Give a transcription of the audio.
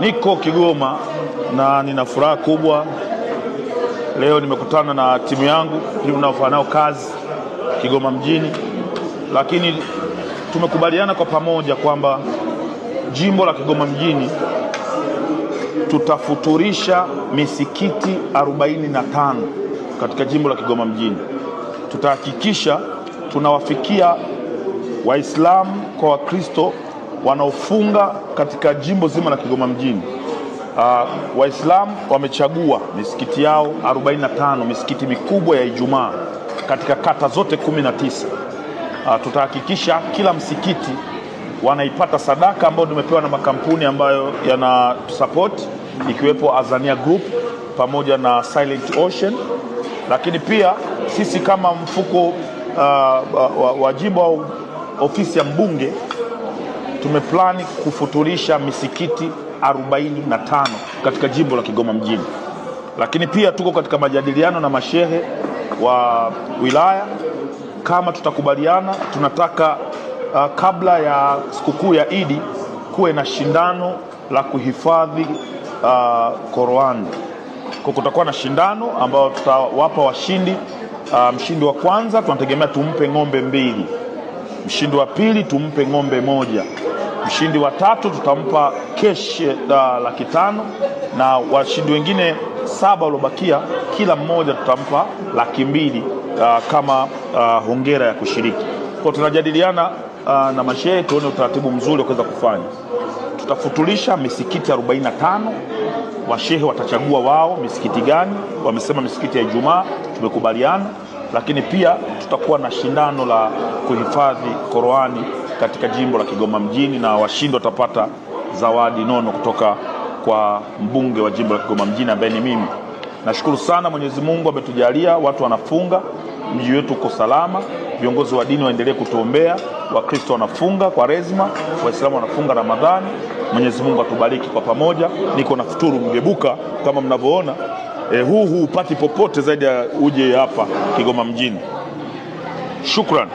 Niko Kigoma na nina furaha kubwa. Leo nimekutana na timu yangu, timu inayofanya kazi Kigoma mjini, lakini tumekubaliana kwa pamoja kwamba jimbo la Kigoma mjini tutafuturisha misikiti 45 katika jimbo la Kigoma mjini. Tutahakikisha tunawafikia Waislamu kwa Wakristo wanaofunga katika jimbo zima la Kigoma mjini. Uh, Waislamu wamechagua misikiti yao 45 misikiti mikubwa ya Ijumaa katika kata zote 19. Uh, ah, tutahakikisha kila msikiti wanaipata sadaka ambayo tumepewa na makampuni ambayo yana support ikiwepo Azania Group pamoja na Silent Ocean, lakini pia sisi kama mfuko uh, wa, wa jimbo au ofisi ya mbunge tumeplani kufuturisha misikiti 45 katika jimbo la Kigoma mjini, lakini pia tuko katika majadiliano na mashehe wa wilaya kama tutakubaliana. Tunataka uh, kabla ya sikukuu ya Idi kuwe na shindano la kuhifadhi uh, Korani. Kwa kutakuwa na shindano ambao tutawapa washindi. Uh, mshindi wa kwanza tunategemea tumpe ng'ombe mbili, mshindi wa pili tumpe ng'ombe moja. Mshindi wa tatu tutampa keshe uh, laki tano na washindi wengine saba waliobakia kila mmoja tutampa laki mbili uh, kama uh, hongera ya kushiriki. Kwa tunajadiliana uh, na mashehe tuone utaratibu mzuri wa kuweza kufanya. Tutafutulisha misikiti 45 washehe watachagua wao misikiti gani, wamesema misikiti ya Ijumaa, tumekubaliana. Lakini pia tutakuwa na shindano la kuhifadhi Qurani katika jimbo la Kigoma mjini, na washindi watapata zawadi nono kutoka kwa mbunge wa jimbo la Kigoma mjini ambaye ni mimi. Nashukuru sana Mwenyezi Mungu ametujalia, watu wanafunga, mji wetu uko salama. Viongozi wa dini waendelee kutuombea. Wakristo wanafunga kwa rezima Waislamu wanafunga Ramadhani. Mwenyezi Mungu atubariki kwa pamoja. Niko na futuru mgebuka kama mnavyoona. E, huu huupati popote zaidi ya uje hapa Kigoma mjini. Shukran.